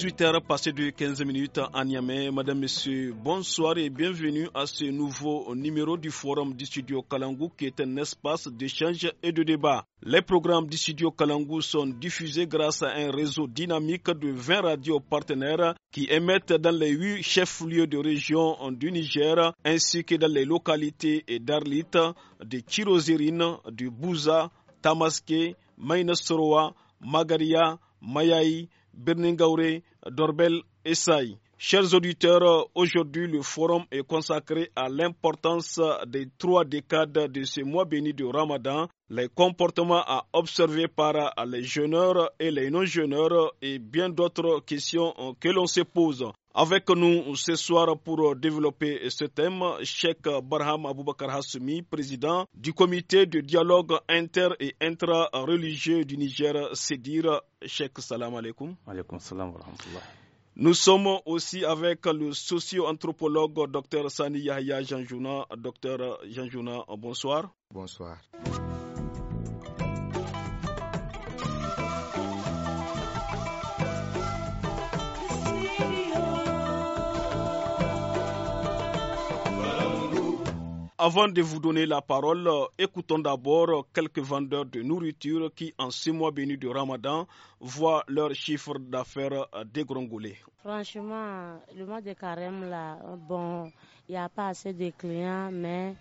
18h passé de 15 minutes à Niamey. Madame, Monsieur, bonsoir et bienvenue à ce nouveau numéro du Forum du Studio Kalangou qui est un espace d'échange et de débat. Les programmes du Studio Kalangou sont diffusés grâce à un réseau dynamique de 20 radios partenaires qui émettent dans les 8 chefs-lieux de région du Niger ainsi que dans les localités d'Arlit, de Chirozirine, de Bouza, Tamaské, Mainasoroa, Magaria, Mayaï, Berningaure, Dorbel et Chers auditeurs, aujourd'hui le forum est consacré à l'importance des trois décades de ce mois béni du Ramadan, les comportements à observer par les jeûneurs et les non-jeûneurs et bien d'autres questions que l'on se pose. Avec nous ce soir pour développer ce thème, Cheikh Barham Aboubakar Hassoumi, président du comité de dialogue inter- et intra-religieux du Niger, Sédir. Cheikh, salam alaikum. Alaikum salam wa Nous sommes aussi avec le socio-anthropologue Dr Sani Yahya Janjouna. Dr Janjouna, bonsoir. Bonsoir. Avant de vous donner la parole, euh, écoutons d'abord quelques vendeurs de nourriture qui, en six mois bénis du Ramadan, voient leur chiffre d'affaires euh, dégringoler. Franchement, le mois de carême, là, bon, il n'y a pas assez de clients, mais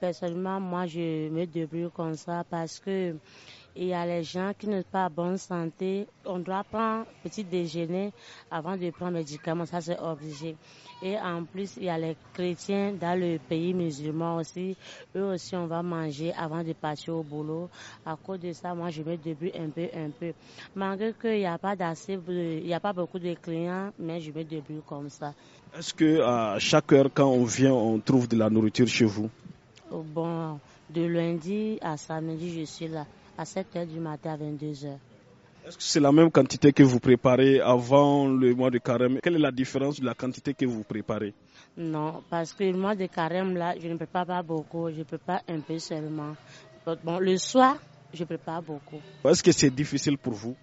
personnellement, moi, je me débrouille comme ça parce que il y a les gens qui n'ont pas bonne santé. On doit prendre petit déjeuner avant de prendre médicaments. Ça, c'est obligé. Et en plus, il y a les chrétiens dans le pays musulman aussi. Eux aussi, on va manger avant de partir au boulot. À cause de ça, moi, je me débute un peu, un peu. Malgré qu'il n'y a pas euh, il n'y a pas beaucoup de clients, mais je me débute comme ça. Est-ce que à chaque heure, quand on vient, on trouve de la nourriture chez vous? Oh, bon, de lundi à samedi, je suis là à 7 h du matin à 22 h Est-ce que c'est la même quantité que vous préparez avant le mois de carême Quelle est la différence de la quantité que vous préparez Non, parce que le mois de carême, là, je ne prépare pas beaucoup, je prépare un peu seulement. Bon, le soir, je prépare beaucoup. Est-ce que c'est difficile pour vous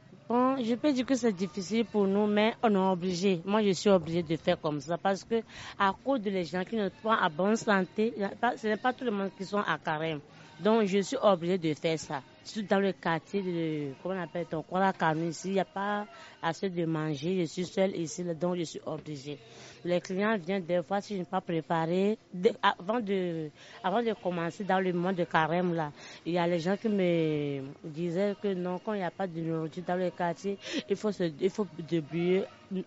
je peux dire que c'est difficile pour nous, mais on est obligé. Moi, je suis obligé de faire comme ça parce que à cause de les gens qui ne sont pas en bonne santé, ce n'est pas tout le monde qui sont à carême. Donc, je suis obligé de faire ça dans le quartier de, comment on appelle ton ici, il n'y a pas assez de manger, je suis seule ici, donc je suis obligée. Les clients viennent des fois, si je n'ai pas préparé, avant de, avant de commencer dans le monde de carême là, il y a les gens qui me disaient que non, quand il n'y a pas de nourriture dans le quartier, il faut se, il faut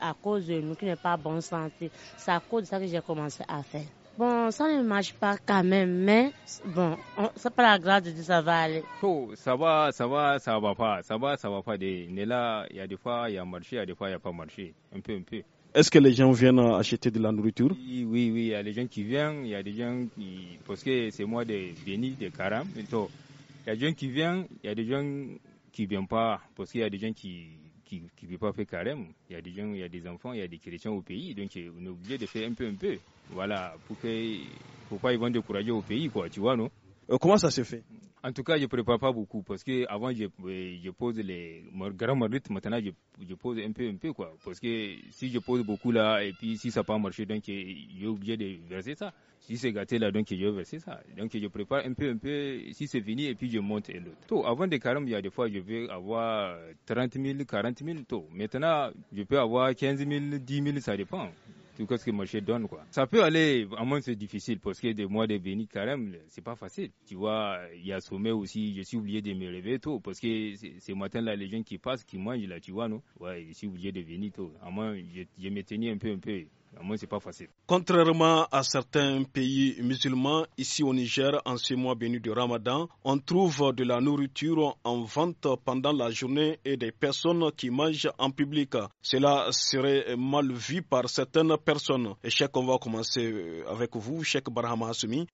à cause de nous qui n'est pas bonne santé. C'est à cause de ça que j'ai commencé à faire. Bon, ça ne marche pas quand même, mais bon, c'est pas la grâce de ça va aller. Oh, ça va, ça va, ça va pas. Ça va, ça va pas. Il là, il y a des fois, il y a marché, il y a des fois, il n'y a pas marché. Un peu, un peu. Est-ce que les gens viennent acheter de la nourriture Oui, oui, oui, il y a des gens qui viennent, il y a des gens qui. Parce que c'est moi des bénis, des carams. Il y a des gens qui viennent, il y a des gens qui ne viennent pas, parce qu'il y a des gens qui qui ne veulent pas faire carême. Il y a des gens, il y a des enfants, il y a des chrétiens au pays, donc on est obligé de faire un peu, un peu voilà, pour que, pas ils vont décourager au pays, quoi, tu vois, non euh, Comment ça se fait En tout cas, je ne prépare pas beaucoup parce que avant je, euh, pose les grands rythme maintenant je, pose un peu, un peu, quoi. Parce que si je pose beaucoup là, et puis si ça pas marché, donc euh, j'ai obligé de verser ça. Si c'est gâté là, donc je vais ça. Donc je prépare un peu, un peu, si c'est fini, et puis je monte un autre. avant des 40 il y a des fois, je vais avoir 30 000, 40 000, tout. Maintenant, je peux avoir 15 000, 10 000, ça dépend tout ce que marché donne quoi. Ça peut aller, à moins c'est difficile parce que des mois de quand carême, c'est pas facile. Tu vois, il y a sommet aussi, je suis oublié de me lever tôt parce que ce matin là les gens qui passent, qui mangent là, tu vois non. Ouais, je suis oublié de venir tôt. À moins je, je me tenais un peu un peu pas facile. Contrairement à certains pays musulmans, ici au Niger, en ce mois béni de Ramadan, on trouve de la nourriture en vente pendant la journée et des personnes qui mangent en public. Cela serait mal vu par certaines personnes. Et Cheikh, on va commencer euh, avec vous, Cheikh Barham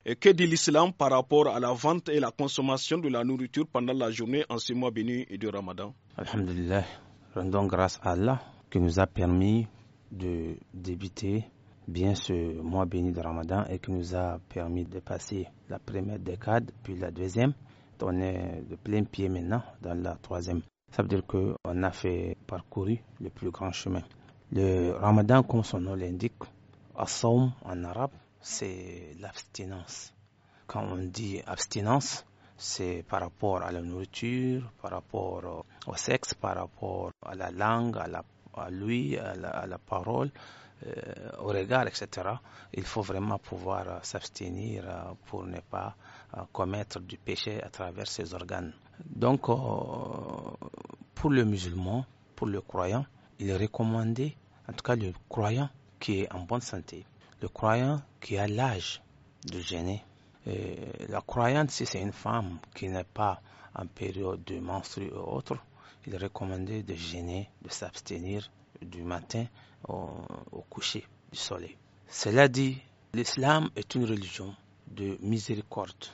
Et Que dit l'islam par rapport à la vente et la consommation de la nourriture pendant la journée en ce mois béni de Ramadan Alhamdulillah, rendons grâce à Allah qui nous a permis de débuter bien ce mois béni de Ramadan et qui nous a permis de passer la première décade, puis la deuxième. On est de plein pied maintenant dans la troisième. Ça veut dire qu'on a fait parcouru le plus grand chemin. Le Ramadan, comme son nom l'indique, somme en arabe, c'est l'abstinence. Quand on dit abstinence, c'est par rapport à la nourriture, par rapport au sexe, par rapport à la langue, à la à lui, à la, parole, euh, au regard, etc., il faut vraiment pouvoir euh, s'abstenir euh, pour ne pas commettre du péché à travers ses organes. Donc, pour le musulman, pour le croyant, il est recommandé, en tout cas le croyant qui est en bonne santé, le croyant qui a l'âge de gêner. Et la croyante, si c'est une femme qui n'est pas en période de menstruation ou autre, il est recommandé de gêner, de s'abstenir du matin au, coucher du soleil. Cela dit, l'islam est une religion de miséricorde.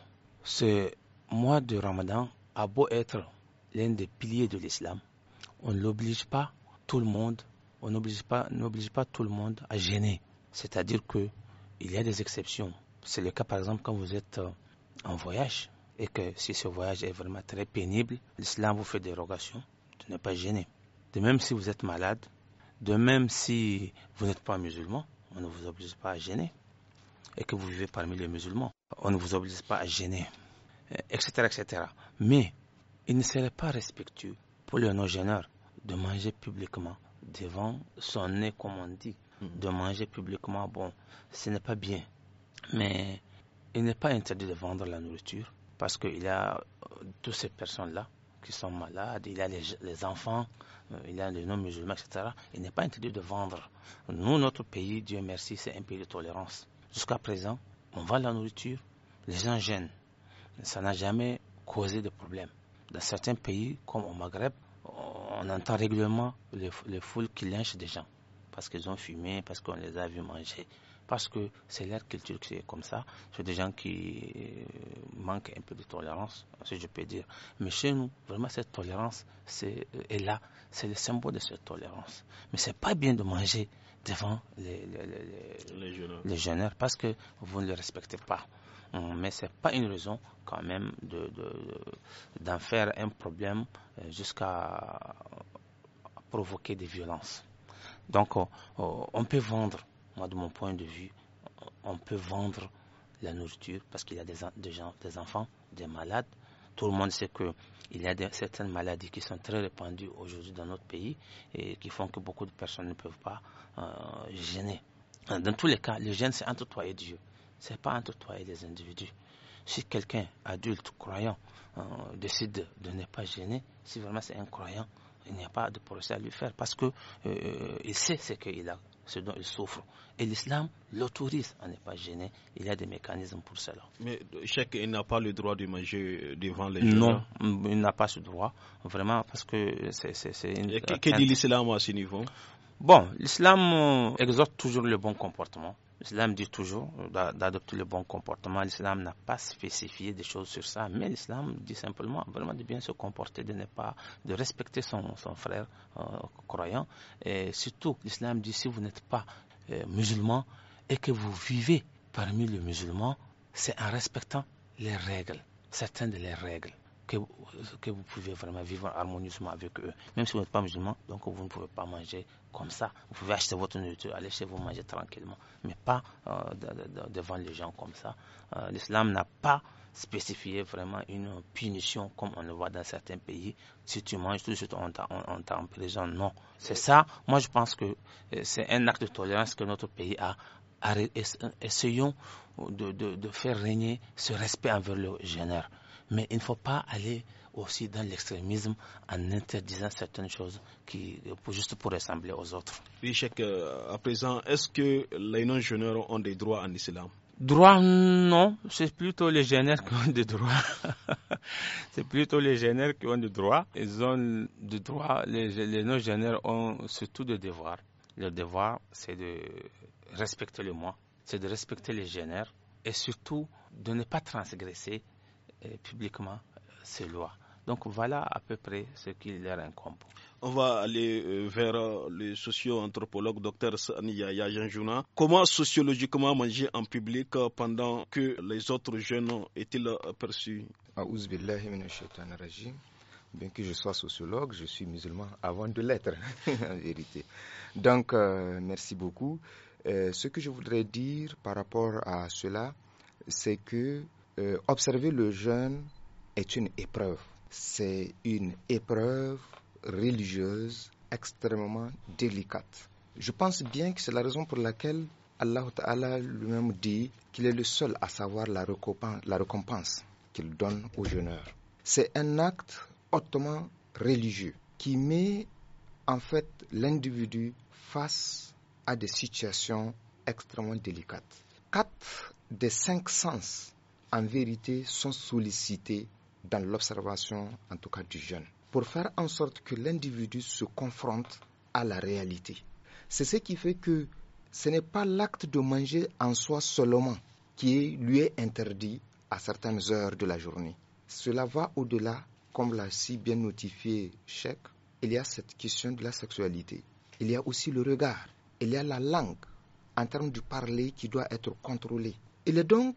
Ce mois de Ramadan a beau être l'un des piliers de l'islam, on n'oblige pas tout le monde, on n'oblige pas, n'oblige pas tout le monde à gêner. C'est-à-dire que il y a des exceptions. C'est le cas par exemple quand vous êtes euh, en voyage et que si ce voyage est vraiment très pénible, l'islam vous fait dérogation de ne pas gêné, De même si vous êtes malade, de même si vous n'êtes pas musulman, on ne vous oblige pas à gêner. Et que vous vivez parmi les musulmans, on ne vous oblige pas à gêner, etc. etc. Mais il ne serait pas respectueux pour le non-gêneur de manger publiquement devant son nez, comme on dit. De manger publiquement, bon, ce n'est pas bien. Mais il n'est pas interdit de vendre la nourriture parce qu'il y a toutes ces personnes-là qui sont malades, il y a les, enfants, euh, il y a les non-musulmans, etc. Il n'est pas interdit de vendre. Nous, notre pays, Dieu merci, c'est un pays de tolérance. Jusqu'à présent, on vend la nourriture, les gens gênent. Ça n'a jamais causé de problème. Dans certains pays, comme au Maghreb, on entend régulièrement les, les foules qui lynchent des gens parce qu'ils ont fumé, parce qu'on les a vus manger parce que c'est l'air culture qui est comme ça. C'est des gens qui euh, manquent un peu de tolérance, si je peux dire. Mais chez nous, vraiment, cette tolérance est, euh, est là. C'est le symbole de cette tolérance. Mais c'est pas bien de manger devant les, les, les, jeunes parce que vous ne les respectez pas hum, mais c'est pas une raison quand même d'en de, faire un problème euh, jusqu'à provoquer des violences. Donc on peut vendre moi de mon point de vue, on peut vendre la nourriture parce qu'il y a des, enfants, des malades. Tout le monde sait qu'il y a certaines maladies qui sont très répandues aujourd'hui dans notre pays et qui font que beaucoup de personnes ne peuvent pas gêner. Euh, euh, dans tous les cas, le gêne, c'est entre toi et Dieu. Ce n'est pas entre toi et les individus. Si quelqu'un, adulte, croyant, euh, décide de ne pas gêner, si vraiment c'est un croyant, il n'y a pas de procès à lui faire parce qu'il sait ce qu'il a ce dont ils souffrent. Et l'islam l'autorise à ne pas gêner. Il y a des mécanismes pour cela. Mais chaque il n'a pas le droit de manger devant les gens Non, il n'a pas ce droit, vraiment, parce que c'est une. qu'est que dit l'islam à ce niveau Bon, l'islam euh, exhorte toujours le bon comportement. L'islam dit toujours euh, d'adopter le bon comportement. L'islam n'a pas spécifié des choses sur ça, mais l'islam dit simplement vraiment de bien se comporter, de ne pas, de respecter son, frère euh, croyant. Et surtout, l'islam dit si vous n'êtes pas euh, musulman et que vous vivez parmi les musulmans, c'est en respectant les règles, certaines de les règles que, que vous pouvez vraiment vivre harmonieusement avec eux. Même si vous n'êtes pas musulman, donc vous ne pouvez pas manger comme ça. Vous pouvez acheter votre nourriture, aller chez vous manger tranquillement, mais pas euh, devant les gens comme ça. Euh, l'islam n'a pas spécifié vraiment une punition comme on le voit dans certains pays. Si tu manges tout de suite, on t'emprisonne. Non. C'est ça. Moi, je pense que euh, c'est un acte de tolérance que notre pays a essayons de, de, faire régner ce respect envers le génère. Mais il ne faut pas aller aussi dans l'extrémisme en interdisant certaines choses qui, juste pour ressembler aux autres. Oui, Cheikh, euh, à présent, est-ce que les non génères ont des droits en islam Droit, non, c'est plutôt les génères qui ont des droits. c'est plutôt les génères qui ont des droits. Ils ont des droits, les, non-génères ont surtout des devoirs. Le devoir, c'est de respecter le moi, c'est de respecter les génères et surtout de ne pas transgresser publiquement ces lois. Donc voilà à peu près ce qui leur incombe. On va aller euh, vers euh, le socio-anthropologue Dr Saniya Yajanjuna. Comment sociologiquement manger en public euh, pendant que les autres jeunes étaient perçus Bien que je sois sociologue, je suis musulman avant de l'être, en vérité. Donc, merci beaucoup. ce que je voudrais dire par rapport à cela, c'est que euh, observer le jeûne est une épreuve. C'est une épreuve religieuse extrêmement délicate. Je pense bien que c'est la raison pour laquelle Allah Ta'ala lui-même dit qu'il est le seul à savoir la récompense qu'il donne aux jeûneurs. C'est un acte hautement religieux qui met en fait l'individu face à des situations extrêmement délicates. Quatre des cinq sens en vérité, sont sollicités dans l'observation, en tout cas du jeune, pour faire en sorte que l'individu se confronte à la réalité. C'est ce qui fait que ce n'est pas l'acte de manger en soi seulement qui lui est interdit à certaines heures de la journée. Cela va au-delà, comme l'a si bien notifié Cheikh, il y a cette question de la sexualité. Il y a aussi le regard. Il y a la langue en termes du parler qui doit être contrôlée. Il est donc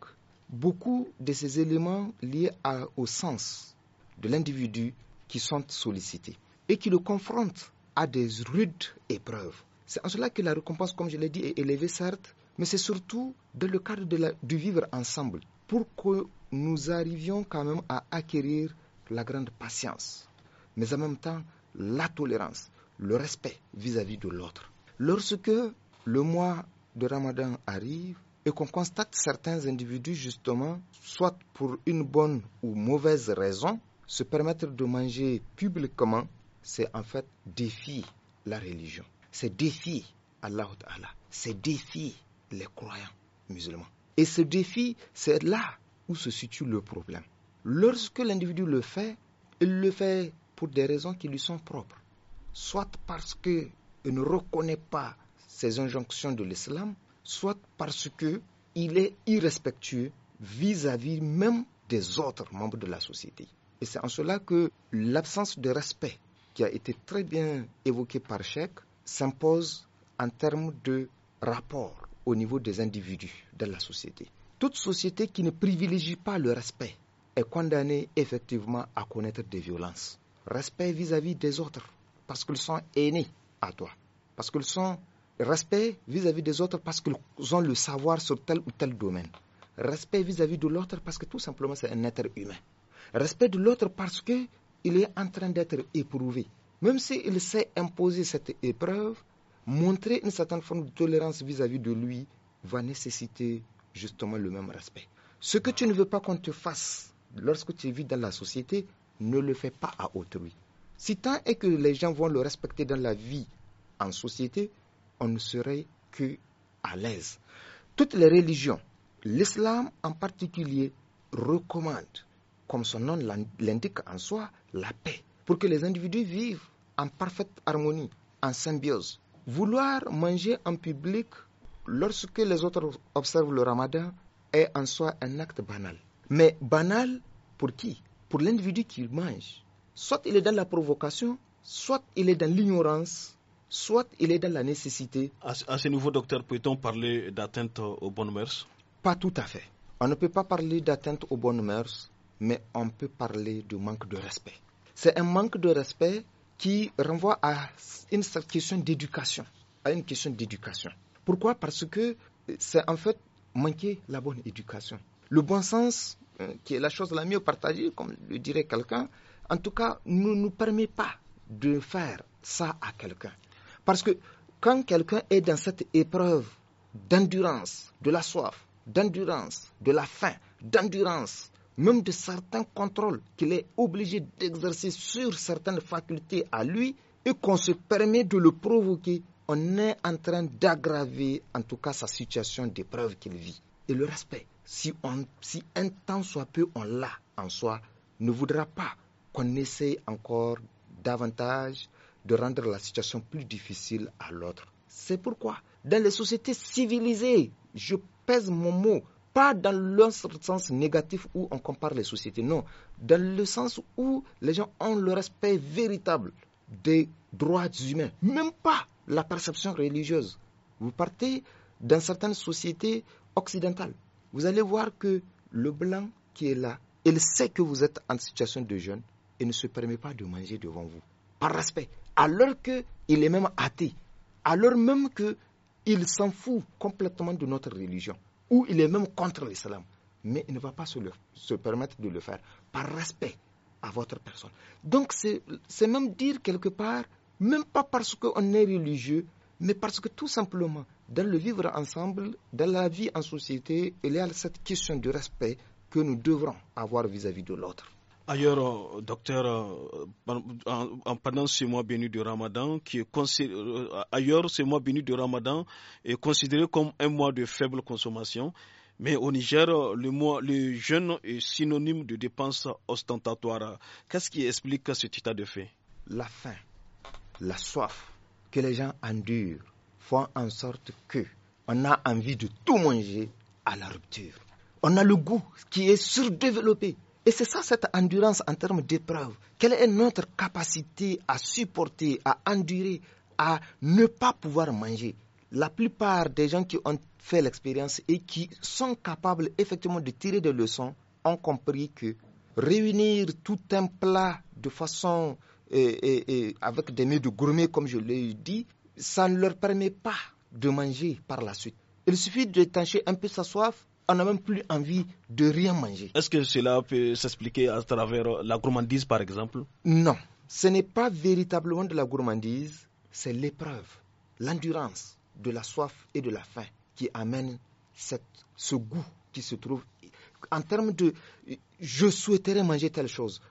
beaucoup de ces éléments liés au sens de l'individu qui sont sollicités et qui le confrontent à des rudes épreuves. C'est en cela que la récompense, comme je l'ai dit, est élevée, certes, mais c'est surtout dans le cadre du vivre ensemble pour que nous arrivions quand même à acquérir la grande patience, mais en même temps la tolérance, le respect vis à -vis de l'autre. Lorsque le mois de Ramadan arrive, et qu'on constate certains individus justement, soit pour une bonne ou mauvaise raison, se permettre de manger publiquement, c'est en fait défier la religion. C'est défier Allah C'est défier les croyants musulmans. Et ce défi, c'est là où se situe le problème. Lorsque l'individu le fait, il le fait pour des raisons qui lui sont propres. Soit parce qu'il ne reconnaît pas ces injonctions de l'islam, soit parce qu'il est irrespectueux vis-à-vis même des autres membres de la société. Et c'est en cela que l'absence de respect, qui a été très bien évoqué par Cheikh, s'impose en termes de rapport au niveau des individus de la société. Toute société qui ne privilégie pas le respect est condamnée effectivement à connaître des violences. Respect vis à -vis des autres, parce qu'ils sont aînés à toi, parce qu'ils sont respect vis-à-vis des autres parce qu'ils ont le savoir sur tel ou tel domaine. Respect vis-à-vis de l'autre parce que tout simplement c'est un être humain. Respect de l'autre parce qu'il est en train d'être éprouvé. Même s'il sait imposer cette épreuve, montrer une certaine forme de tolérance vis-à-vis -vis de lui va nécessiter justement le même respect. Ce que tu ne veux pas qu'on te fasse lorsque tu vis dans la société, ne le fais pas à autrui. Si tant est que les gens vont le respecter dans la vie en société, on ne serait que à l'aise. Toutes les religions, l'islam en particulier, recommande, comme son nom l'indique en soi, la paix, pour que les individus vivent en parfaite harmonie, en symbiose. Vouloir manger en public lorsque les autres observent le ramadan est en soi un acte banal. Mais banal pour qui Pour l'individu qui mange. Soit il est dans la provocation, soit il est dans l'ignorance soit il est dans la nécessité. À, ce nouveau docteur, peut-on parler d'atteinte aux bonnes mœurs Pas tout à fait. On ne peut pas parler d'atteinte aux bonnes mœurs, mais on peut parler de manque de respect. C'est un manque de respect qui renvoie à une question d'éducation. À une question d'éducation. Pourquoi Parce que c'est en fait manquer la bonne éducation. Le bon sens, euh, qui est la chose la mieux partagée, comme le dirait quelqu'un, en tout cas, ne nous permet pas de faire ça à quelqu'un. Parce que quand quelqu'un est dans cette épreuve d'endurance, de la soif, d'endurance, de la faim, d'endurance, même de certains contrôles qu'il est obligé d'exercer sur certaines facultés à lui et qu'on se permet de le provoquer, on est en train d'aggraver en tout cas sa situation d'épreuve qu'il vit. Et le respect, si, on, si un temps soit peu on l'a en soi, ne voudra pas qu'on essaye encore davantage de rendre la situation plus difficile à l'autre. C'est pourquoi, dans les sociétés civilisées, je pèse mon mot, pas dans le sens négatif où on compare les sociétés, non, dans le sens où les gens ont le respect véritable des droits humains, même pas la perception religieuse. Vous partez dans certaines sociétés occidentales, vous allez voir que le blanc qui est là, il sait que vous êtes en situation de jeûne et ne se permet pas de manger devant vous, par respect alors qu'il est même athée, alors même qu'il s'en fout complètement de notre religion, ou il est même contre l'islam, mais il ne va pas se, permettre de le faire par respect à votre personne. Donc c'est même dire quelque part, même pas parce qu'on est religieux, mais parce que tout simplement, dans le vivre ensemble, dans la vie en société, il y a cette question de respect que nous devrons avoir vis à -vis de l'autre. Ailleurs, euh, docteur, euh, euh, pendant ce mois béni de Ramadan, qui est ailleurs, ce mois béni de Ramadan est considéré comme un mois de faible consommation. Mais au Niger, le, mois, le jeûne est synonyme de dépenses ostentatoires. Qu'est-ce qui explique ce état de fait La faim, la soif que les gens endurent font en sorte que on a envie de tout manger à la rupture. On a le goût qui est surdéveloppé. Et c'est ça cette endurance en termes d'épreuve. Quelle est notre capacité à supporter, à endurer, à ne pas pouvoir manger La plupart des gens qui ont fait l'expérience et qui sont capables effectivement de tirer des leçons ont compris que réunir tout un plat de façon euh, euh, euh, avec des mets de gourmet, comme je l'ai dit, ça ne leur permet pas de manger par la suite. Il suffit de d'étancher un peu sa soif on n'a même plus envie de rien manger. Est-ce que cela peut s'expliquer à travers la gourmandise, par exemple Non, ce n'est pas véritablement de la gourmandise, c'est l'épreuve, l'endurance de la soif et de la faim qui amène ce goût qui se trouve. En termes de je souhaiterais manger telle chose,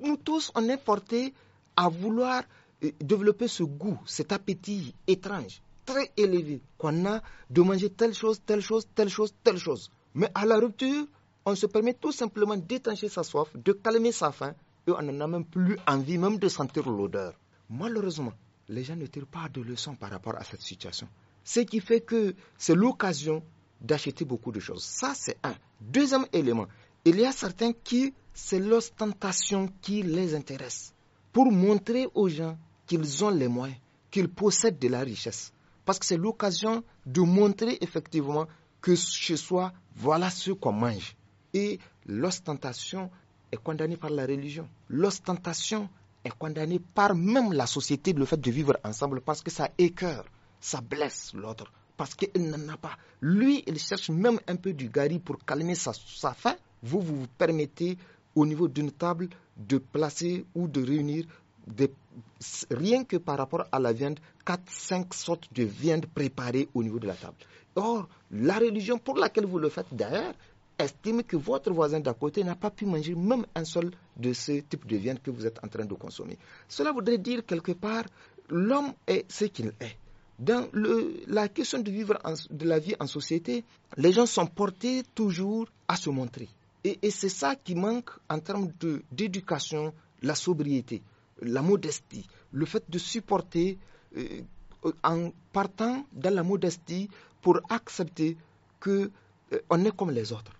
nous tous, on est portés à vouloir euh, développer ce goût, cet appétit étrange très élevé qu'on a de manger telle chose, telle chose, telle chose, telle chose. Mais à la rupture, on se permet tout simplement d'étancher sa soif, de calmer sa faim, et on n'en a même plus envie même de sentir l'odeur. Malheureusement, les gens ne tirent pas de leçons par rapport à cette situation. Ce qui fait que c'est l'occasion d'acheter beaucoup de choses. Ça, c'est un. Deuxième élément, il y a certains qui, c'est l'ostentation qui les intéresse. Pour montrer aux gens qu'ils ont les moyens, qu'ils possèdent de la richesse. Parce que c'est l'occasion de montrer effectivement que chez soi, voilà ce qu'on mange. Et l'ostentation est condamnée par la religion. L'ostentation est condamnée par même la société, le fait de vivre ensemble, parce que ça écoeure, ça blesse l'autre, parce qu'il n'en a pas. Lui, il cherche même un peu du gari pour calmer sa, sa faim. Vous, vous vous permettez, au niveau d'une table, de placer ou de réunir rien que par rapport à la viande, 4-5 sortes de viande préparées au niveau de la table. Or, la religion pour laquelle vous le faites d'ailleurs estime que votre voisin d'à côté n'a pas pu manger même un seul de ce type de viande que vous êtes en train de consommer. Cela voudrait dire quelque part, l'homme est ce qu'il est. Dans la question de vivre de la vie en société, les gens sont portés toujours à se montrer. Et, et c'est ça qui manque en termes d'éducation, la sobriété la modestie, le fait de supporter euh, en partant dans la modestie pour accepter qu'on euh, est comme les autres,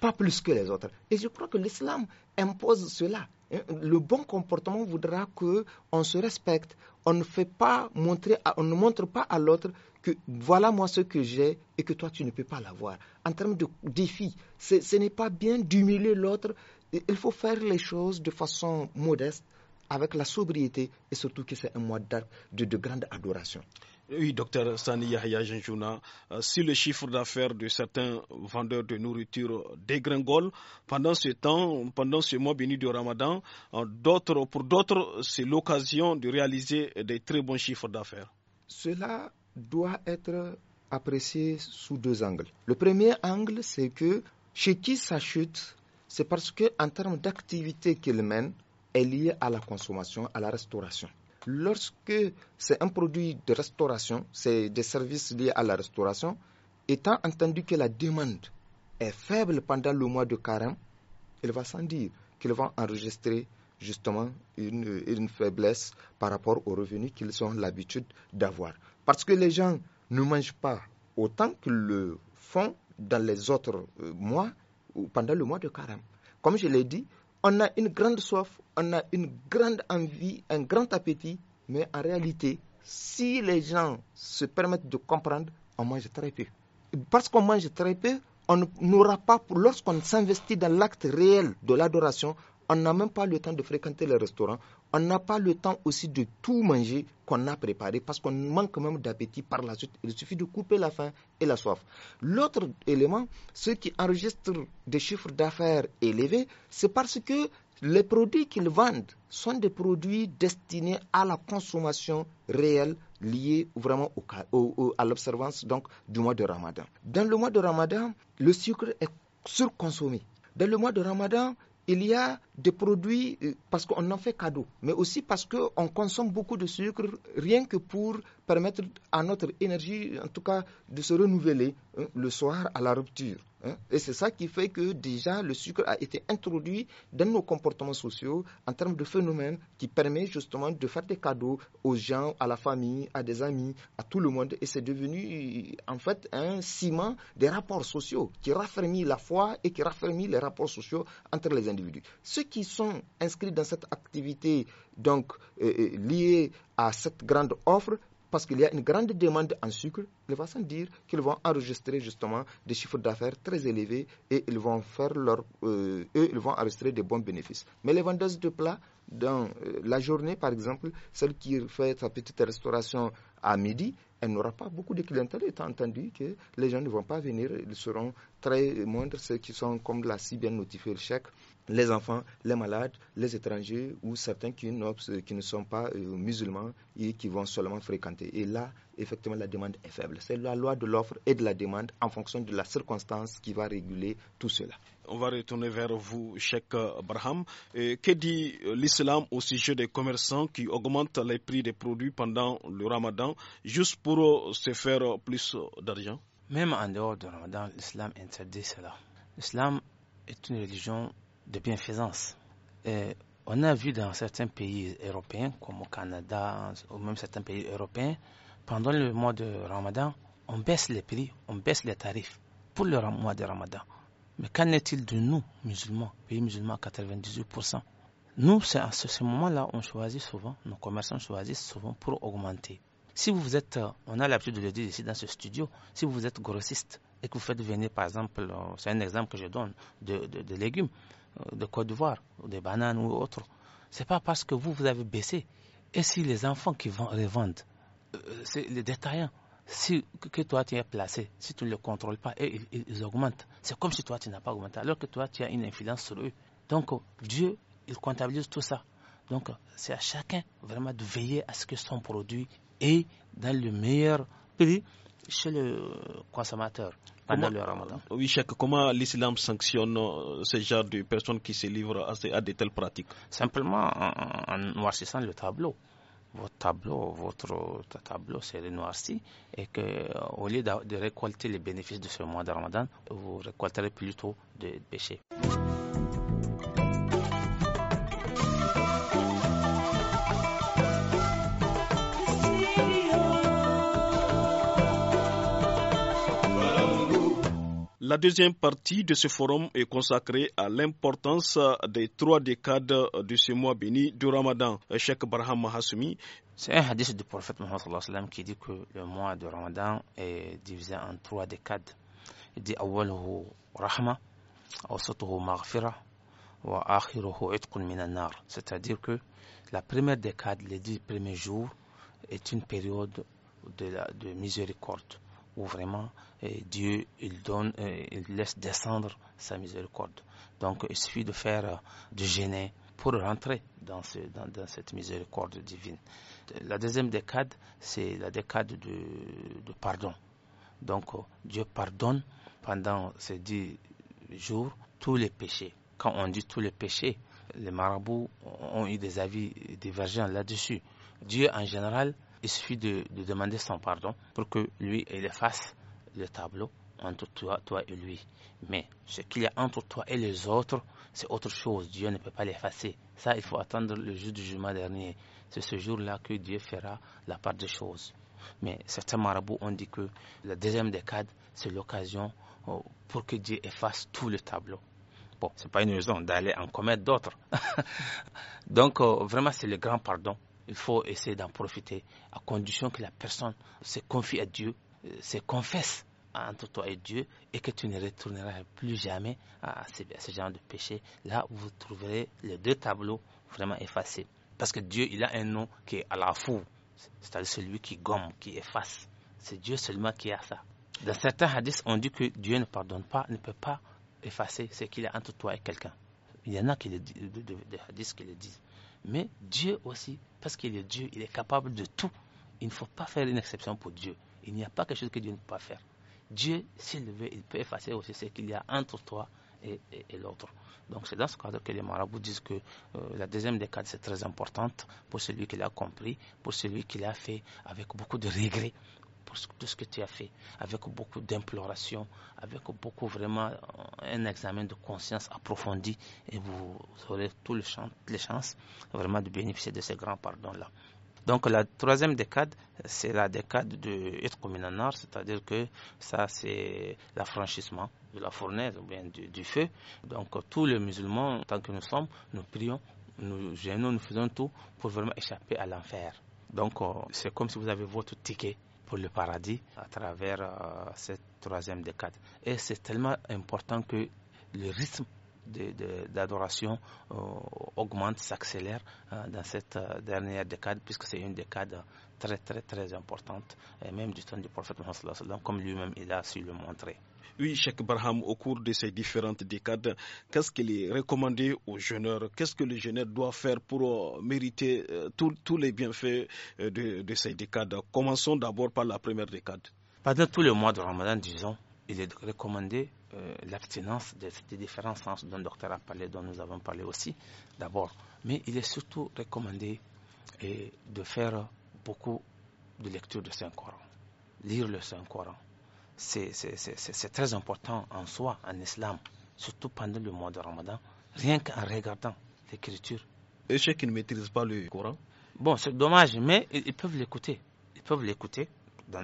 pas plus que les autres. Et je crois que l'islam impose cela. Hein, le bon comportement voudra qu'on se respecte, on ne fait pas montrer, on ne montre pas à l'autre que voilà moi ce que j'ai et que toi tu ne peux pas l'avoir. En termes de défi, ce n'est pas bien d'humilier l'autre. Il faut faire les choses de façon modeste, avec la sobriété et surtout que c'est un mois de, de grande adoration. Oui, docteur Sani Yahya Genjouna, euh, si le chiffre d'affaires de certains vendeurs de nourriture dégringole pendant ce temps, pendant ce mois béni du Ramadan, euh, pour d'autres, c'est l'occasion de réaliser des très bons chiffres d'affaires. Cela doit être apprécié sous deux angles. Le premier angle, c'est que chez qui ça chute, c'est parce qu'en termes d'activité qu'il mène, est lié à la consommation, à la restauration. Lorsque c'est un produit de restauration, c'est des services liés à la restauration, étant entendu que la demande est faible pendant le mois de carême, il va sans dire qu'ils vont enregistrer justement une, une, faiblesse par rapport aux revenus qu'ils ont l'habitude d'avoir. Parce que les gens ne mangent pas autant qu'ils le font dans les autres euh, mois ou pendant le mois de carême. Comme je l'ai dit, on a une grande soif, on a une grande envie, un grand appétit, mais en réalité, si les gens se permettent de comprendre, on mange très peu. parce qu'on mange très peu, on n'aura pas, lorsqu'on s'investit dans l'acte réel de l'adoration, on n'a même pas le temps de fréquenter les restaurants, on n'a pas le temps aussi de tout manger qu'on a préparé parce qu'on manque même d'appétit par la suite. Il suffit de couper la faim et la soif. L'autre élément, ceux qui enregistrent des chiffres d'affaires élevés, c'est parce que les produits qu'ils vendent sont des produits destinés à la consommation réelle liée vraiment au, à l'observance donc du mois de Ramadan. Dans le mois de Ramadan, le sucre est surconsommé. Dans le mois de Ramadan, il y a des produits euh, parce qu'on en fait cadeau, mais aussi parce qu'on consomme beaucoup de sucre rien que pour permettre à notre énergie, en tout cas, de se renouveler hein, le soir à la rupture. Hein. Et c'est ça qui fait que déjà le sucre a été introduit dans nos comportements sociaux en termes de phénomène qui permet justement de faire des cadeaux aux gens, à la famille, à des amis, à tout le monde. Et c'est devenu en fait un ciment des rapports sociaux qui raffermit la foi et qui raffermit les rapports sociaux entre les individus. Ceux qui sont inscrits dans cette activité donc euh, euh, liée à cette grande offre parce qu'il y a une grande demande en sucre, ils vont sans dire qu'ils vont enregistrer justement des chiffres d'affaires très élevés et ils vont faire leur, euh, eux, ils vont enregistrer des bons bénéfices. Mais les vendeuses de plats, dans euh, la journée par exemple, celle qui fait sa petite restauration à midi, elle n'aura pas beaucoup de clientèle, étant entendu que les gens ne vont pas venir, ils seront très moindres, ceux qui sont, comme l'a si bien notifié le chèque, les enfants, les malades, les étrangers ou certains qui, qui ne sont pas euh, musulmans et qui vont seulement fréquenter. Et là, effectivement, la demande est faible. C'est la loi de l'offre et de la demande en fonction de la circonstance qui va réguler tout cela. On va retourner vers vous, Cheikh euh, Braham. que dit euh, l'islam au sujet des commerçants qui augmentent les prix des produits pendant le ramadan juste pour se faire plus d'argent Même en dehors du ramadan, l'islam interdit cela. L'islam est une religion de bienfaisance. on a vu dans certains pays européens, comme au Canada, ou même certains pays européens, pendant le mois de Ramadan, on baisse les prix, on baisse les tarifs pour le mois de Ramadan. Mais qu'en est-il de nous, musulmans, pays musulmans à 98% Nous, c'est à ce, moment-là, on choisit souvent, nos commerçants choisissent souvent pour augmenter. Si vous êtes, euh, on a l'habitude de le dire ici dans ce studio, si vous êtes grossiste et que vous faites venir, par exemple, euh, c'est un exemple que je donne, de légumes, euh, de Côte d'Ivoire, des bananes ou ce n'est pas parce que vous, vous avez baissé. Et si les enfants qui vont, les euh, c'est les détaillants, si, que toi tu es placé, si tu ne le contrôles pas, et ils, ils augmentent. C'est comme si toi tu n'as pas augmenté, alors que toi tu as une influence sur eux. Donc euh, Dieu, il comptabilise tout ça. Donc c'est à chacun vraiment de veiller à ce que son produit est dans le meilleur prix chez le consommateur. Oui, Cheikh, comment l'islam sanctionne euh, ce genre de personnes qui se livrent à, de telles pratiques Simplement en, noircissant le tableau votre tableau, votre tableau c'est noirci et que euh, au lieu de récolter les bénéfices de ce mois de Ramadan, vous récolterez plutôt des péchés. La deuxième partie de ce forum est consacrée à l'importance des trois décades de ce mois béni du Ramadan. Cheikh Barham Mahasumi. C'est un hadith du prophète Mohammed qui dit que le mois de Ramadan est divisé en trois décades. Il dit Awalhu Rahma, Awsatuhu Maghfira, Wa Akhiruhu Minanar. C'est-à-dire que la première décade, les dix premiers jours, est une période de miséricorde où vraiment euh, Dieu il donne, euh, il laisse descendre sa miséricorde. Donc il suffit de faire euh, du gêner pour rentrer dans, cette miséricorde divine. La deuxième décade, c'est la décade de, pardon. Donc Dieu pardonne pendant ces dix jours tous les péchés. Quand on dit tous les péchés, les marabouts ont eu des avis divergents là-dessus. Dieu en général il suffit de, demander son pardon pour que lui il efface le tableau entre toi, toi et lui. Mais ce qu'il y a entre toi et les autres, c'est autre chose. Dieu ne peut pas l'effacer. Ça, il faut attendre le jour du jugement dernier. C'est ce jour-là que Dieu fera la part des choses. Mais certains marabouts ont dit que la deuxième décade, c'est l'occasion euh, pour que Dieu efface tout le tableau. Bon, ce n'est pas une raison d'aller en commettre d'autres. Donc, euh, vraiment, c'est le grand pardon il faut essayer d'en profiter, à condition que la personne se confie à Dieu, euh, se confesse entre toi et Dieu, et que tu ne retourneras plus jamais à ce, genre de péché. Là, vous trouverez les deux tableaux vraiment effacés. Parce que Dieu, il a un nom qui est à la fou, c'est-à-dire celui qui gomme, qui efface. C'est Dieu seulement qui a ça. Dans certains hadiths, on dit que Dieu ne pardonne pas, ne peut pas effacer ce qu'il a entre toi et quelqu'un. Il y en a qui des hadiths qui le disent. Mais Dieu aussi, parce qu'il est Dieu, il est capable de tout. Il ne faut pas faire une exception pour Dieu. Il n'y a pas quelque chose que Dieu ne peut pas faire. Dieu, s'il le veut, il peut effacer aussi ce qu'il y a entre toi et, l'autre. Donc c'est dans ce cadre que les marabouts disent que euh, la deuxième décade, c'est très importante pour celui qui l'a compris, pour celui qui l'a fait avec beaucoup de regrets, tout ce que tu as fait, avec beaucoup d'implorations, avec beaucoup vraiment euh, un examen de conscience approfondi, et vous aurez toutes les chances vraiment de bénéficier de ce grand pardon-là. Donc la troisième décade, c'est la décade de Itkuminanar, c'est-à-dire que ça c'est l'affranchissement de la fournaise ou bien du, feu. Donc tous les musulmans, tant que nous sommes, nous prions, nous gênons, nous faisons tout pour vraiment échapper à l'enfer. Donc euh, c'est comme si vous avez votre ticket pour le paradis à travers euh, cette troisième décade. Et c'est tellement important que le rythme d'adoration euh, augmente, s'accélère euh, dans cette dernière décade, puisque c'est une décade très très très importante, et même du temps du prophète Mohammed, comme lui-même il a su le montrer. Oui, Cheikh Barham, au cours de ces différentes décades, qu'est-ce qu'il est recommandé aux jeunes Qu'est-ce que le jeune doit faire pour euh, mériter euh, tous les bienfaits euh, de, ces décades Commençons d'abord par la première décade. Pendant tous les mois de Ramadan, disons, il est recommandé l'abstinence de ces différents sens dont le docteur a parlé, dont nous avons parlé aussi d'abord. Mais il est surtout recommandé de faire beaucoup de lecture de Saint-Coran, lire le Saint-Coran, c'est très important en soi, en islam, surtout pendant le mois de Ramadan, rien qu'en regardant l'écriture. Et ceux qui ne maîtrisent pas le Coran Bon, c'est dommage, mais ils, peuvent l'écouter. Ils peuvent l'écouter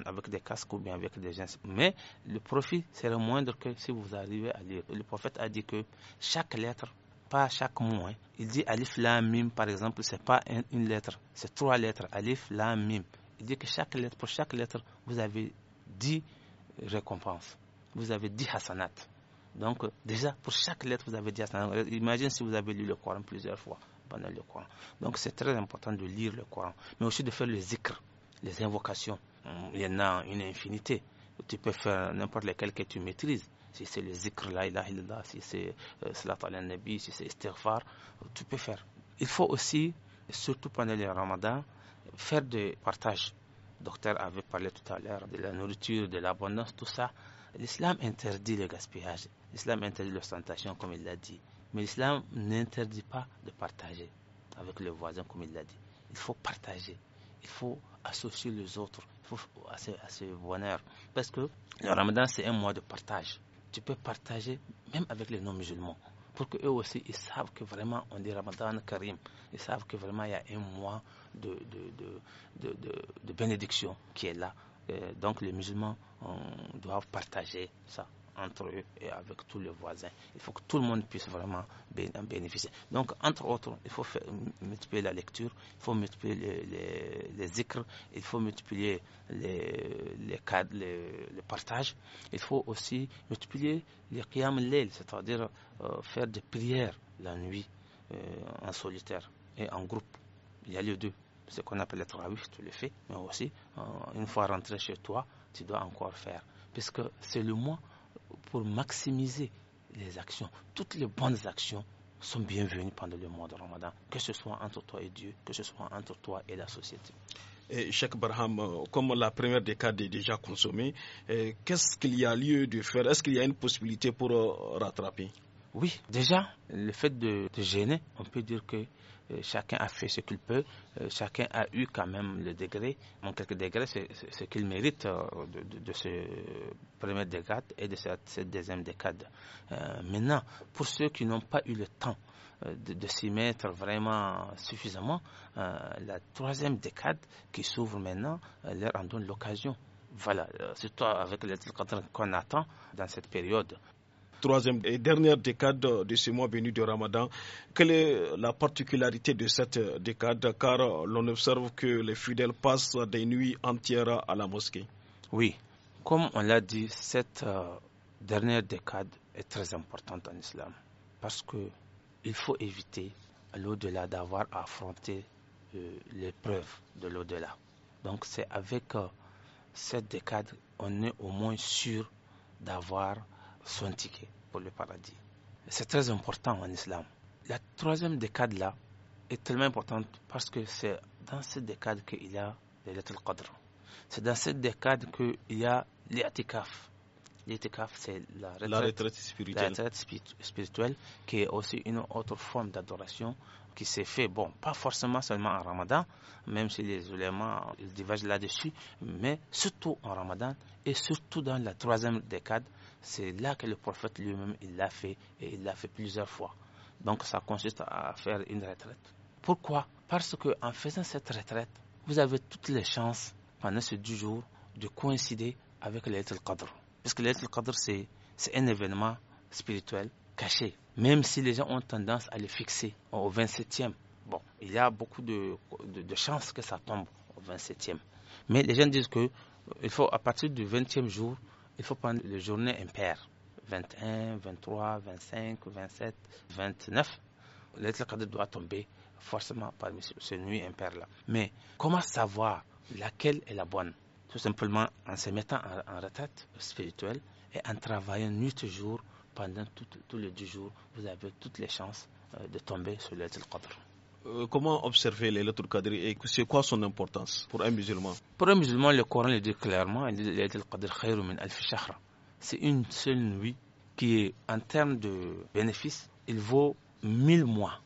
avec des casques ou bien avec des gens. Mais le profit serait moindre que si vous arrivez à lire. Le prophète a dit que chaque lettre, pas chaque mot, hein. il dit alif, lam, mim, par exemple, c'est pas une lettre, c'est trois lettres, alif, lam, mim. Il dit que chaque lettre, pour chaque lettre, vous avez dit récompense. Vous avez dit hasanat. Donc, déjà, pour chaque lettre, vous avez dit hasanat. Imagine si vous avez lu le Coran plusieurs fois pendant le Coran. Donc, c'est très important de lire le Coran, mais aussi de faire les zikr, les invocations. Il y en a une infinité. Tu peux faire n'importe lesquelles que tu maîtrises. Si c'est le zikr, la ilaha illallah, si c'est euh, salat nabi si c'est istighfar, tu peux faire. Il faut aussi, surtout pendant le ramadan, faire des partages docteur avait parlé tout à l'heure de la nourriture, de l'abondance, tout ça. L'islam interdit le gaspillage, l'islam interdit l'ostentation, comme il l'a dit. Mais l'islam n'interdit pas de partager avec le voisin, comme il l'a dit. Il faut partager, il faut associer les autres faut, à, ce, à bonheur. Parce que le ramadan, c'est un mois de partage. Tu peux partager même avec les non-musulmans pour qu'eux aussi, ils savent que vraiment on dit Ramadan Karim. Ils savent que vraiment il y a un mois de, de, de bénédiction qui est là. donc les musulmans doivent partager ça entre eux et avec tous les voisins. Il faut que tout le monde puisse vraiment bénéficier. Donc, entre autres, il faut multiplier la lecture, il faut multiplier les, les, il faut multiplier les, les cadres, le partage, il faut aussi multiplier les qiyam l'ail, c'est-à-dire euh, faire des prières la nuit euh, en solitaire et en groupe. Il y a les deux ce qu'on appelle le travail, tu le fais, mais aussi, euh, une fois rentré chez toi, tu dois encore faire. Puisque c'est le mois pour maximiser les actions. Toutes les bonnes actions sont bienvenues pendant le mois de Ramadan, que ce soit entre toi et Dieu, que ce soit entre toi et la société. Et Cheikh Barham, euh, comme la première décade est déjà consommée, euh, qu'est-ce qu'il y a lieu de faire Est-ce qu'il y a une possibilité pour rattraper Oui, déjà, le fait de, de gêner, on peut dire que euh, chacun a fait ce qu'il peut, euh, chacun a eu quand même le degré, en quelques degrés, ce qu'il mérite euh, de, de, ce premier décade et de cette, deuxième décade. maintenant, pour ceux qui n'ont pas eu le temps de, s'y mettre vraiment suffisamment, la troisième décade qui s'ouvre maintenant leur en donne l'occasion voilà, toi avec les qu'on attend dans cette période troisième et dernière décade de ce mois béni de Ramadan. Quelle est la particularité de cette décade Car l'on observe que les fidèles passent des nuits entières à la mosquée. Oui, comme on l'a dit, cette euh, dernière décade est très importante en islam parce que il faut éviter à l'au-delà d'avoir à affronter euh, l'épreuve de l'au-delà. Donc c'est avec euh, cette décade on est au moins sûr d'avoir son ticket pour le paradis. C'est très important en islam. La troisième décade là est tellement importante parce que c'est dans cette décade qu'il y a les lettres qadr. C'est dans cette décade qu'il y a l'itikaf. L'itikaf, c'est la retraite, la retraite, spirituelle. qui est aussi une autre forme d'adoration qui s'est fait, bon, pas forcément seulement en ramadan, même si les éléments ils divergent là-dessus, mais surtout en ramadan et surtout dans la troisième décade c'est là que le prophète lui-même, il l'a fait et il l'a fait plusieurs fois. Donc ça consiste à faire une retraite. Pourquoi Parce que en faisant cette retraite, vous avez toutes les chances pendant ces 10 jours de coïncider avec lêtre al-Qadr. Parce que lêtre al-Qadr, c'est un événement spirituel caché. Même si les gens ont tendance à le fixer au 27e, bon, il y a beaucoup de, de, chances que ça tombe au 27e. Mais les gens disent que euh, il faut à partir du 20e jour, il faut prendre les journées impaires. 21, 23, 25, 27, 29. L'être cadre doit tomber forcément parmi ces nuits impaires-là. Mais comment savoir laquelle est la bonne Tout simplement en se mettant en, retraite spirituelle et en travaillant nuit et jour pendant tous les 10 jours, vous avez toutes les chances euh, de tomber sur l'être cadre. Euh, comment observer les lettres Qadr et c'est quoi son importance pour un musulman Pour un musulman, le Coran le dit clairement c'est une seule nuit qui est, en termes de bénéfices, il vaut 1000 mois.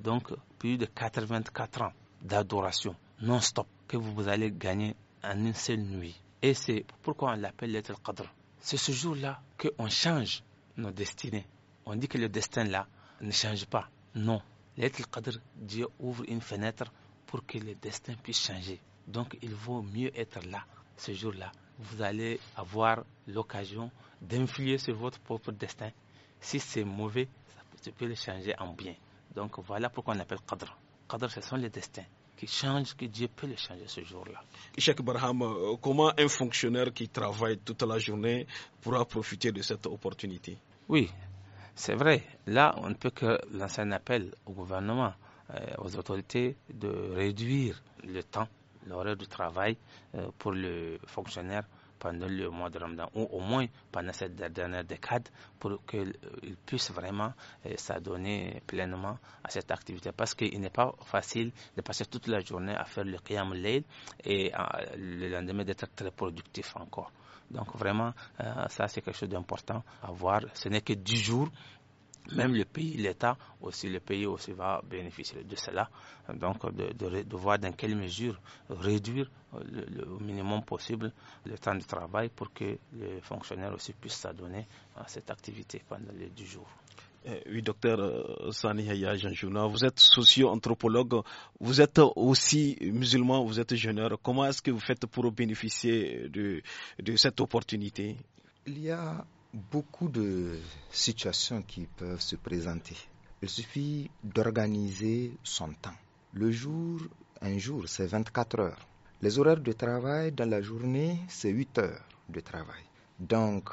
Donc, plus de 84 ans d'adoration non-stop que vous allez gagner en une seule nuit. Et c'est pourquoi on l'appelle l'être qadr. C'est ce jour-là qu'on change nos destinées. On dit que le destin-là ne change pas. Non, L'être cadre, Dieu ouvre une fenêtre pour que le destin puisse changer. Donc il vaut mieux être là ce jour-là. Vous allez avoir l'occasion d'influer sur votre propre destin. Si c'est mauvais, ça peut, tu peux le changer en bien. Donc voilà pourquoi on appelle cadre. Qadr, ce sont les destins qui changent, que Dieu peut les changer ce jour-là. Cheikh Barham, euh, comment un fonctionnaire qui travaille toute la journée pourra profiter de cette opportunité Oui, c'est vrai, là, on ne peut que lancer un appel au gouvernement, euh, aux autorités, de réduire le temps, l'horaire de travail euh, pour le fonctionnaire pendant le mois de Ramadan, ou au moins pendant cette dernière décade, pour qu'il euh, puisse vraiment s'adonner pleinement à cette activité. Parce qu'il n'est pas facile de passer toute la journée à faire le Qiyam leil et le lendemain d'être très productif encore. Donc vraiment, euh, ça c'est quelque chose d'important à voir. Ce n'est que du jour, Même le pays, l'État aussi, le pays aussi va bénéficier de cela. Donc, de, voir dans quelle mesure réduire le, minimum possible le temps de travail pour que les fonctionnaires aussi puissent s'adonner à cette activité pendant les 10 jours. Eh oui, docteur euh, Sani vous êtes socio-anthropologue, vous êtes aussi musulman, vous êtes jeuneur. Comment est-ce que vous faites pour bénéficier de, de cette opportunité Il y a beaucoup de situations qui peuvent se présenter. Il suffit d'organiser son temps. Le jour, un jour, c'est 24 heures. Les horaires de travail dans la journée, c'est 8 heures de travail. Donc,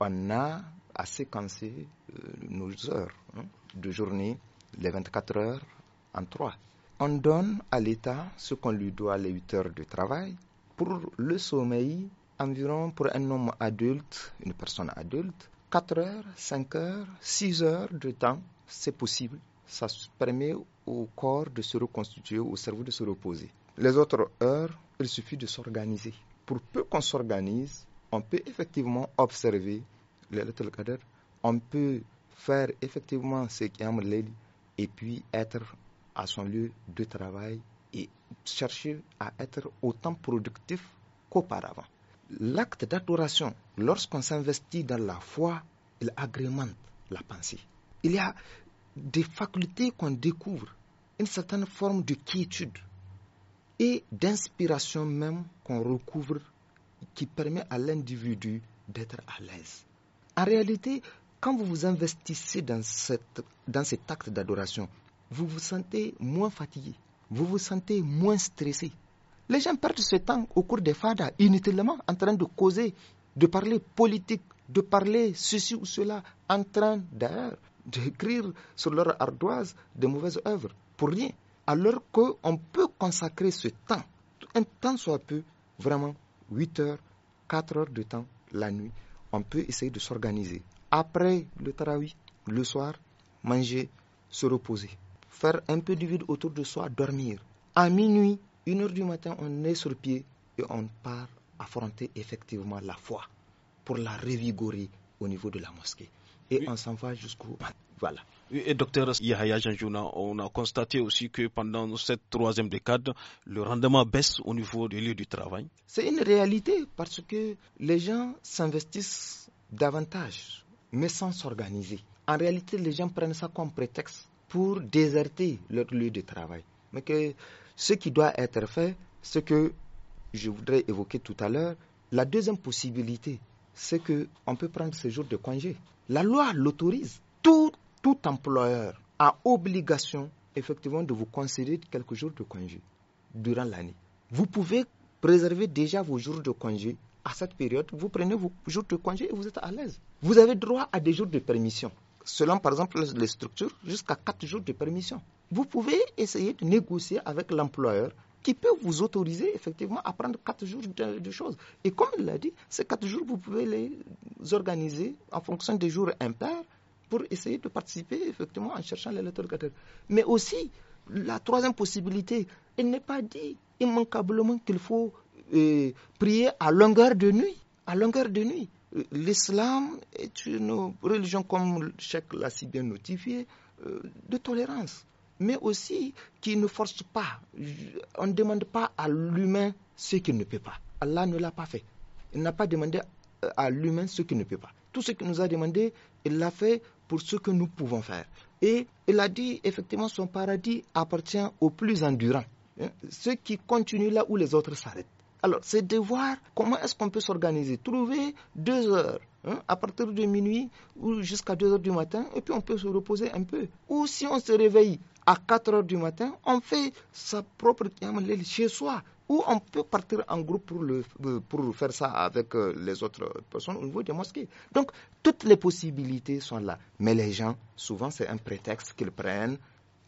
on a à séquencer euh, nos heures hein, de journée, les 24 heures en trois. On donne à l'État ce qu'on lui doit les 8 heures de travail. Pour le sommeil, environ pour un homme adulte, une personne adulte, 4 heures, 5 heures, 6 heures de temps, c'est possible. Ça permet au corps de se reconstituer, au cerveau de se reposer. Les autres heures, il suffit de s'organiser. Pour peu qu'on s'organise, on peut effectivement observer les lettres on peut faire effectivement ce qu'il aime et puis être à son lieu de travail et chercher à être autant productif qu'auparavant. L'acte d'adoration, lorsqu'on s'investit dans la foi, il agrémente la pensée. Il y a des facultés qu'on découvre, une certaine forme de quiétude et d'inspiration même qu'on recouvre qui permet à l'individu d'être à l'aise. En réalité, quand vous vous investissez dans, cet acte d'adoration, vous vous sentez moins fatigué, vous vous sentez moins stressé. Les gens perdent ce temps au cours des fadas inutilement en train de causer, de parler politique, de parler ceci ou cela, en train d'ailleurs d'écrire sur leur ardoise de mauvaises œuvres, pour rien. Alors qu'on peut consacrer ce temps, un temps soit peu, vraiment 8 heures, 4 heures de temps la nuit, on peut essayer de s'organiser, après le tarawih, le soir, manger, se reposer, faire un peu de vide autour de soi, dormir. À minuit, une heure du matin, on est sur pied et on part affronter effectivement la foi pour la revigorer au niveau de la mosquée. Et on s'en va jusqu'au voilà. Et docteur Yahya Janjouna, on a constaté aussi que pendant cette troisième décade, le rendement baisse au niveau du lieu du travail. C'est une réalité parce que les gens s'investissent davantage mais sans s'organiser. En réalité, les gens prennent ça comme prétexte pour déserter leur lieu de travail. Mais que ce qui doit être fait, ce que je voudrais évoquer tout à l'heure, la deuxième possibilité, c'est qu'on peut prendre ce jour de congé. La loi l'autorise. Tout, tout employeur a obligation, effectivement, de vous concéder quelques jours de congé durant l'année. Vous pouvez préserver déjà vos jours de congé à cette période, vous prenez vos jours de congé et vous êtes à l'aise. Vous avez droit à des jours de permission. Selon, par exemple, les structures, jusqu'à quatre jours de permission. Vous pouvez essayer de négocier avec l'employeur qui peut vous autoriser effectivement à prendre quatre jours de, choses. Et comme il l'a dit, ces quatre jours, vous pouvez les organiser en fonction des jours impairs pour essayer de participer effectivement en cherchant les lettres Mais aussi, la troisième possibilité, il n'est pas dit immanquablement qu'il faut prier à longueur de nuit. À longueur de nuit. L'islam est une religion, comme chèque l'a si bien notifié, euh, de tolérance, mais aussi qui ne force pas. On ne demande pas à l'humain ce qu'il ne peut pas. Allah ne l'a pas fait. Il n'a pas demandé euh, à l'humain ce qu'il ne peut pas. Tout ce qu'il nous a demandé, il l'a fait pour ce que nous pouvons faire. Et il a dit, effectivement, son paradis appartient aux plus endurants, hein. ceux qui continuent là où les autres s'arrêtent. Alors, c'est de voir comment est-ce qu'on peut s'organiser. Trouver deux heures hein, à partir de minuit ou jusqu'à deux heures du matin, et puis on peut se reposer un peu. Ou si on se réveille à quatre heures du matin, on fait sa propre chez soi. Ou on peut partir en groupe pour, le, euh, pour faire ça avec euh, les autres personnes au niveau des mosquées. Donc, toutes les possibilités sont là. Mais les gens, souvent, c'est un prétexte qu'ils prennent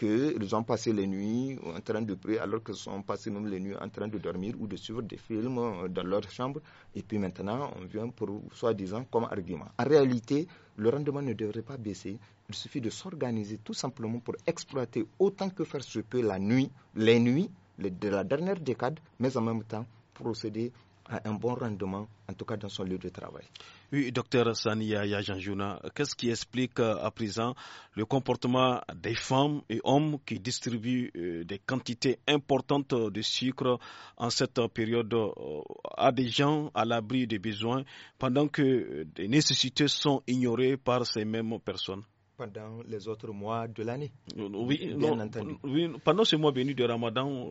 qu'ils ont passé les nuits en train de prier alors qu'ils sont passé même les nuits en train de dormir ou de suivre des films euh, dans leur chambre. Et puis maintenant, on vient pour soi-disant comme argument. En réalité, le rendement ne devrait pas baisser. Il suffit de s'organiser tout simplement pour exploiter autant que faire se peut la nuit, les nuits de la dernière décade, mais en même temps procéder à un bon rendement, en tout cas dans son lieu de travail. Oui, docteur Sania Yajanjuna, qu'est-ce qui explique euh, à présent le comportement des femmes et hommes qui distribuent euh, des quantités importantes de sucre en cette période euh, à des gens à l'abri des besoins pendant que des nécessités sont ignorées par ces mêmes personnes pendant les autres mois de l'année. Euh, oui, non, oui, pendant ce mois venu de Ramadan,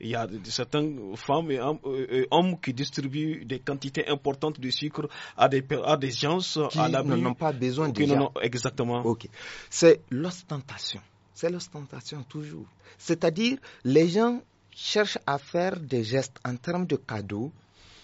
il y a certaines femmes euh, et, hommes qui distribuent des quantités importantes de sucre à des, à des gens qui à pas besoin de exactement. C'est l'ostentation. C'est l'ostentation toujours. C'est-à-dire, les gens cherchent à faire des gestes en termes de cadeaux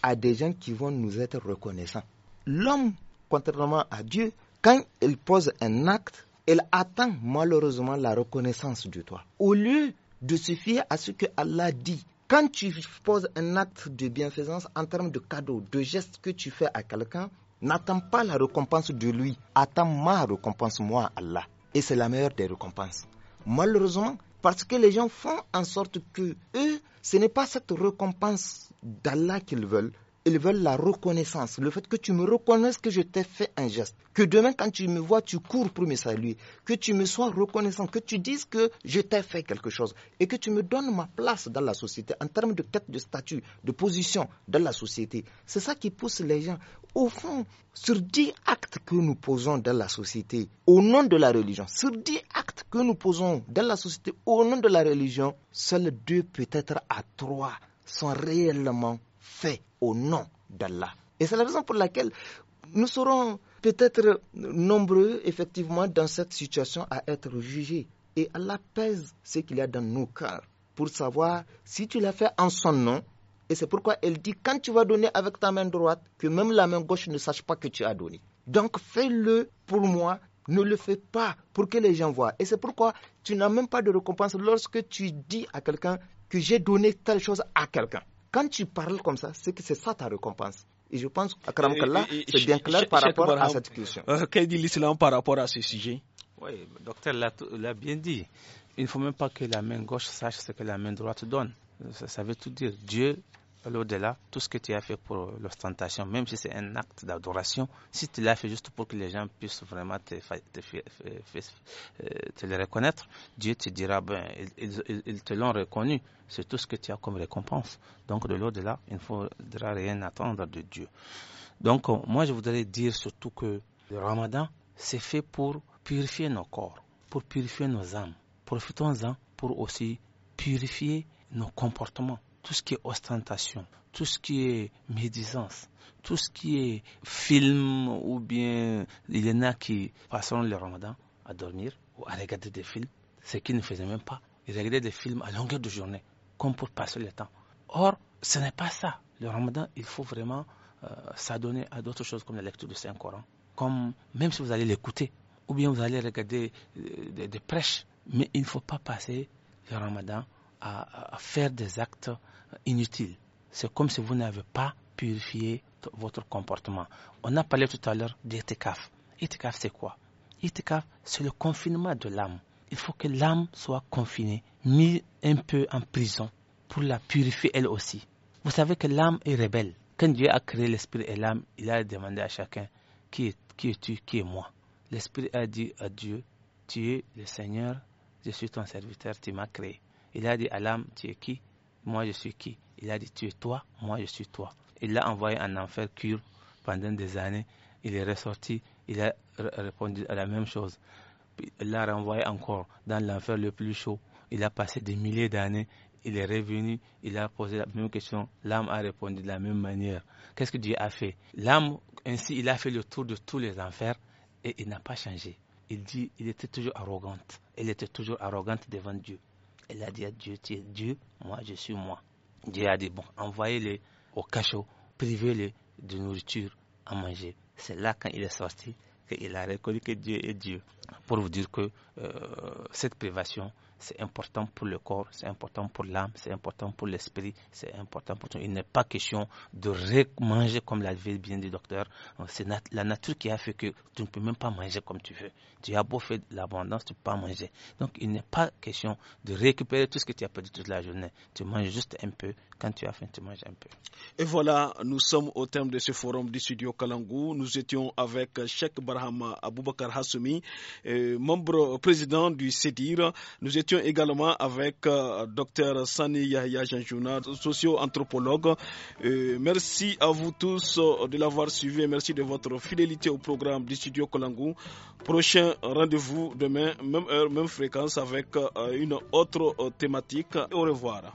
à des gens qui vont nous être reconnaissants. L'homme, contrairement à Dieu, quand elle pose un acte, elle attend malheureusement la reconnaissance de toi. Au lieu de se fier à ce que Allah dit, quand tu poses un acte de bienfaisance en termes de cadeau, de geste que tu fais à quelqu'un, n'attends pas la récompense de lui, attends ma récompense, moi, Allah. Et c'est la meilleure des récompenses. Malheureusement, parce que les gens font en sorte que eux, ce n'est pas cette récompense d'Allah qu'ils veulent, ils veulent la reconnaissance, le fait que tu me reconnaisses que je t'ai fait un geste, que demain quand tu me vois, tu cours pour me saluer, que tu me sois reconnaissant, que tu dises que je t'ai fait quelque chose et que tu me donnes ma place dans la société en termes de tête de statut, de position dans la société. C'est ça qui pousse les gens. Au fond, sur dix actes que nous posons dans la société au nom de la religion, sur dix actes que nous posons dans la société au nom de la religion, seuls deux peut-être à trois sont réellement au nom d'Allah. Et c'est la raison pour laquelle nous serons peut-être nombreux, effectivement, dans cette situation à être jugés. Et Allah pèse ce qu'il y a dans nos cœurs pour savoir si tu l'as fait en son nom. Et c'est pourquoi elle dit, quand tu vas donner avec ta main droite, que même la main gauche ne sache pas que tu as donné. Donc fais-le pour moi, ne le fais pas pour que les gens voient. Et c'est pourquoi tu n'as même pas de récompense lorsque tu dis à quelqu'un que j'ai donné telle chose à quelqu'un. Quand tu parles comme ça, c'est que c'est ça ta récompense. Et je pense, Akram là, c'est bien clair par rapport à cette question. Qu'a euh, euh, dit l'islam par rapport à ce sujet Oui, le docteur l'a bien dit. Il ne faut même pas que la main gauche sache ce que la main droite donne. ça veut tout dire. Dieu l'au-delà, tout ce que tu as fait pour l'ostentation, même si c'est un acte d'adoration, si tu l'as fait juste pour que les gens puissent vraiment te, euh, le reconnaître, Dieu te dira, ben, ils, te l'ont reconnu, c'est tout ce que tu as comme récompense. Donc de l'au-delà, il ne faudra rien attendre de Dieu. Donc euh, moi je voudrais dire surtout que le ramadan, c'est fait pour purifier nos corps, pour purifier nos âmes. Profitons-en pour aussi purifier nos comportements tout ce qui est ostentation, tout ce qui est médisance, tout ce qui est film ou bien il y en a qui passent le ramadan à dormir ou à regarder des films, ce qu'ils ne faisaient même pas. Ils regardaient des films à longueur de journée, comme pour passer le temps. Or, ce n'est pas ça. Le ramadan, il faut vraiment euh, s'adonner à d'autres choses comme la lecture du Saint-Coran, comme même si vous allez l'écouter, ou bien vous allez regarder euh, des, prêches, mais il ne faut pas passer le ramadan à faire des actes inutile. C'est comme si vous n'avez pas purifié votre comportement. On a parlé tout à l'heure d'itikaf. Itikaf, c'est quoi Itikaf, c'est le confinement de l'âme. Il faut que l'âme soit confinée, mise un peu en prison pour la purifier elle aussi. Vous savez que l'âme est rebelle. Quand Dieu a créé l'esprit et l'âme, il a demandé à chacun qui, qui es-tu, qui es moi. L'esprit a dit à Dieu Tu es le Seigneur, je suis ton serviteur, tu m'as créé. Il a dit à l'âme Tu es qui moi je suis qui Il a dit, tu es toi, moi je suis toi. Il l'a envoyé en enfer cure pendant des années. Il est ressorti, il a répondu à la même chose. Il l'a renvoyé encore dans l'enfer le plus chaud. Il a passé des milliers d'années. Il est revenu, il a posé la même question. L'âme a répondu de la même manière. Qu'est-ce que Dieu a fait L'âme, ainsi, il a fait le tour de tous les enfers et il n'a pas changé. Il dit, il était toujours arrogante. Il était toujours arrogante devant Dieu. Elle a dit à Dieu, Dieu, moi je suis moi. Dieu a dit, bon, envoyez les au cachot, privez les de nourriture à manger. C'est là quand il est sorti qu'il a reconnu que Dieu est Dieu. Pour vous dire que euh, cette privation, c'est important pour le corps, c'est important pour l'âme, c'est important pour l'esprit, c'est important pour toi, Il n'est pas question de manger comme la l'avait bien dit docteur. C'est la nature qui a fait que tu ne peux même pas manger comme tu veux. Tu as beau faire l'abondance, tu ne peux pas manger. Donc il n'est pas question de récupérer tout ce que tu as perdu toute la journée. Tu manges juste un peu. Quand tu as faim, tu manges un peu. Et voilà, nous sommes au terme de ce forum du studio Kalangou. Nous étions avec Cheikh Barham Aboubakar Hassoumi, euh, membre président du CEDIR. Nous étions étions également avec euh, Dr Sani Yahya Janjouna, socio-anthropologue. Euh, merci à vous tous euh, de l'avoir suivi et merci de votre fidélité au programme du studio Kolangou. Prochain rendez-vous demain, même heure, même fréquence avec une autre thématique. Au revoir.